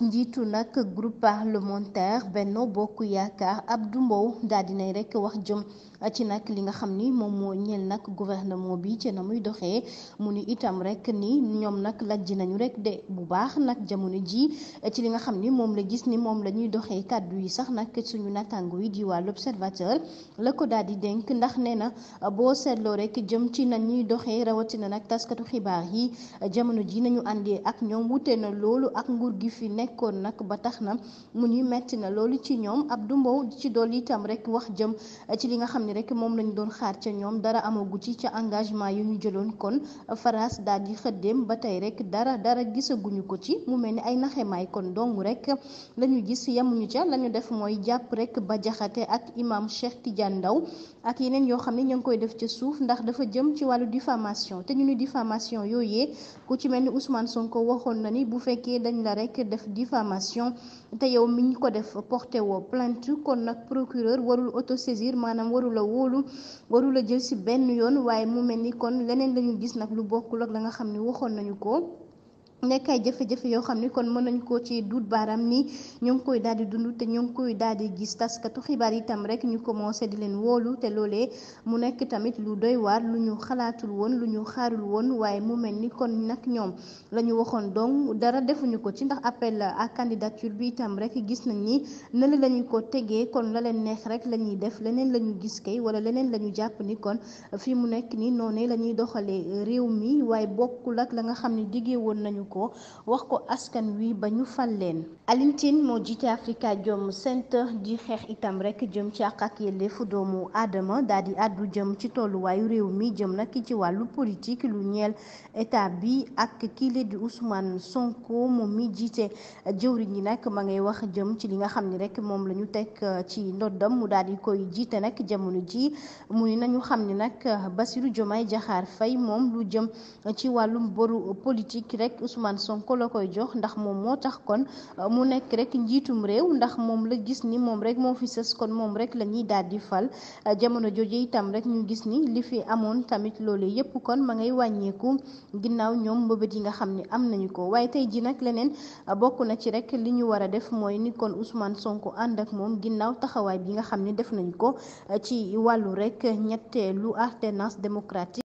njiitu nag groupe parlementaire Benno Bokk Yaakaar Abdou Mbow daal dinay rek wax jëm ci nag li nga xam ni moom moo ñel nag gouvernement bi ci na muy doxee mu ni itam rek ni ñoom nag lajj nañu rek de bu baax nag jamono ji ci li nga xam ni moom la gis ni moom la ñuy doxee kàddu yi sax nag suñu natango yi di waa l'Observateur la ko daal di dénk ndax nee na boo seetloo rek jëm ci na ñuy doxee rawatina nag taskatu xibaar yi jamono ji nañu àndee ak ñoom wute na loolu ak nguur gi fi yu nekkoon nag ba tax na mu ñuy metti na loolu ci ñoom ab Mbow di ci dolli itam rek wax jëm ci li nga xam ne rek moom lañu doon xaar ca ñoom dara amagu ci ca engagement yu ñu jëloon kon Faras daal di xëddeem ba tey rek dara dara gisaguñu ko ci mu mel ni ay naxemaay kon dong rek la ñu gis yamuñu ca la ñu def mooy jàpp rek ba jaxate ak imam Cheikh Tidiane Ndaw ak yeneen yoo xam ne ñu ngi koy def ca suuf ndax dafa jëm ci wàllu diffamation te ñu ni diffamation yooyee ku ci mel ni Ousmane Sonko na ni bu fekkee dañ la rek def diffamation te yow mi ñu ko def porté woo plainte kon nag procureur warul autosaisir maanaam warula wóolu warula jël ci benn yoon waaye mu mel ni kon leneen lañu gis nag lu bokkul ak la nga xam ne waxoon nañu ko nekk ay jafe-jafe yoo xam ne kon mën nañu koo ci duut baaraam ni ñoo ngi koy daal di dund te ñoo ngi koy daal di gis taskatu xibaar yi tam rek ñu ko commencé di leen wóolu te loolee mu nekk tamit lu doy waar lu ñu xalaatul woon lu ñu xaarul woon waaye mu mel ni kon nag ñoom la ñu waxoon donc dara defuñu ko ci ndax appel à candidature bi itam rek gis nañ ni nali la ko tegee kon la leen neex rek la ñuy def leneen la ñu gis kay wala leneen la ñu jàpp ni fii mu nekk ni noonee la ñuy doxalee réew mi waaye bokkul ak la nga xam ne diggee woon nañu ko wax ko askan wi ba ñu fal leen Alioune Tine moo jiite jomm Center di xeex itam rek jëm ci ak ak yelleefu doomu aadama daal di àddu jëm ci tolluwaayu réew mi jëm nag ci wàllu politique lu ñeel état bi ak kile di Ousmane Sonko moom mi jiite jëwriñ ñi nag ma ngay wax jëm ci li nga xam ni rek moom la ñu teg uh, ci ndoddam mu daal di koy jiite nag jamono ji muy nañu xam ni nag Bassirou Diomaye jaxaar fay moom lu jëm ci wàllum boru politique rek Ousmane Sonko la koy jox ndax moom moo tax kon euh, mu nekk rek njiitum réew ndax moom la gis ni moom rek moo fi sës kon moom rek la ñuy daal di fal euh, jamono jooju itam rek ñu gis ni li fi amoon tamit loolu yépp kon ma ngay wàññeeku ginnaaw ñoom mbëbët yi nga xam ne am nañu ko waaye tey ji nag leneen euh, bokk na ci rek li ñu war a def mooy nit kon Ousmane Sonko ànd ak moom ginnaaw taxawaay bi nga xam ne def nañu ko ci wàllu rek ñetteelu alternance démocratique